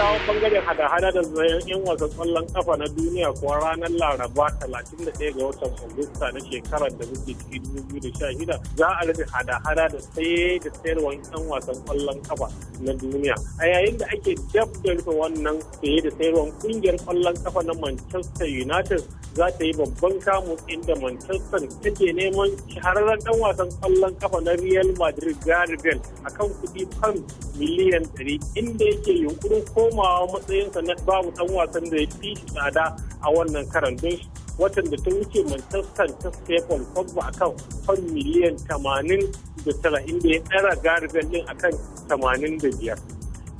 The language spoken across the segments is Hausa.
dawo bangaren hada-hada da zayen yan wasan kwallon kafa na duniya kuwa ranar laraba 31 ga watan agusta na shekarar da muke ciki 2016 za a rufe hada-hada da saye da sayarwar yan wasan kwallon kafa na duniya a yayin da ake dab da rufe wannan saye da sayarwar kungiyar kwallon kafa na manchester united za ta yi babban kamu inda manchester take neman shahararren dan wasan kwallon kafa na real madrid garibel akan kuɗi fam miliyan 100 inda yake yunkurin ko komawa matsayinsa na babu ɗan wasan da ya fi tsada a wannan karan don watan da ta wuce Manchester ta Stephen Paul Pogba akan fan miliyan 80 da tara inda ya tsara garibin din akan 85.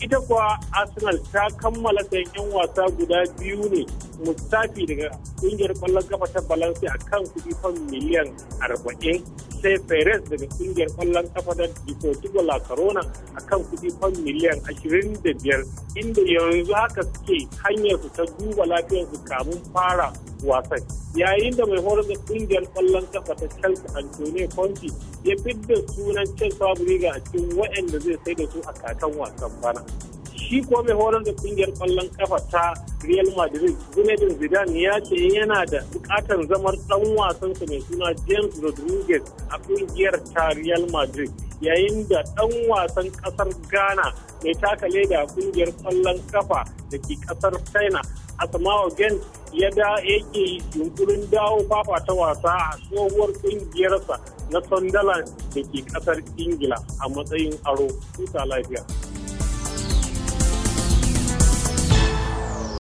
Ita kuwa Arsenal ta kammala sayan 'yan wasa guda biyu ne mustafi daga kungiyar kwallon kafa ta balansi a kan kudi fan miliyan 40 sai perez daga kungiyar kwallon kafa ta deportivo la corona a kan kudi fan miliyan 25 inda yanzu haka suke hanyar su ta duba lafiyar su kamun fara wasan yayin da mai horar da kungiyar kwallon kafa ta chelsea antonio conti ya fidda sunan chelsea riga a cikin waɗanda zai sai da su a kakan wasan bana shi ko mai horar da kungiyar kwallon kafa ta real madrid zinedine zidane ya ce yana da bukatar zamar dan wasansa mai suna james rodriguez a kungiyar ta real madrid yayin da dan wasan kasar ghana mai taka leda kungiyar kwallon kafa da ke kasar china asamawa gen ya da yake yunkurin dawo ta wasa a tsohuwar kungiyarsa na sunderland da ke kasar ingila a matsayin aro tuta lafiya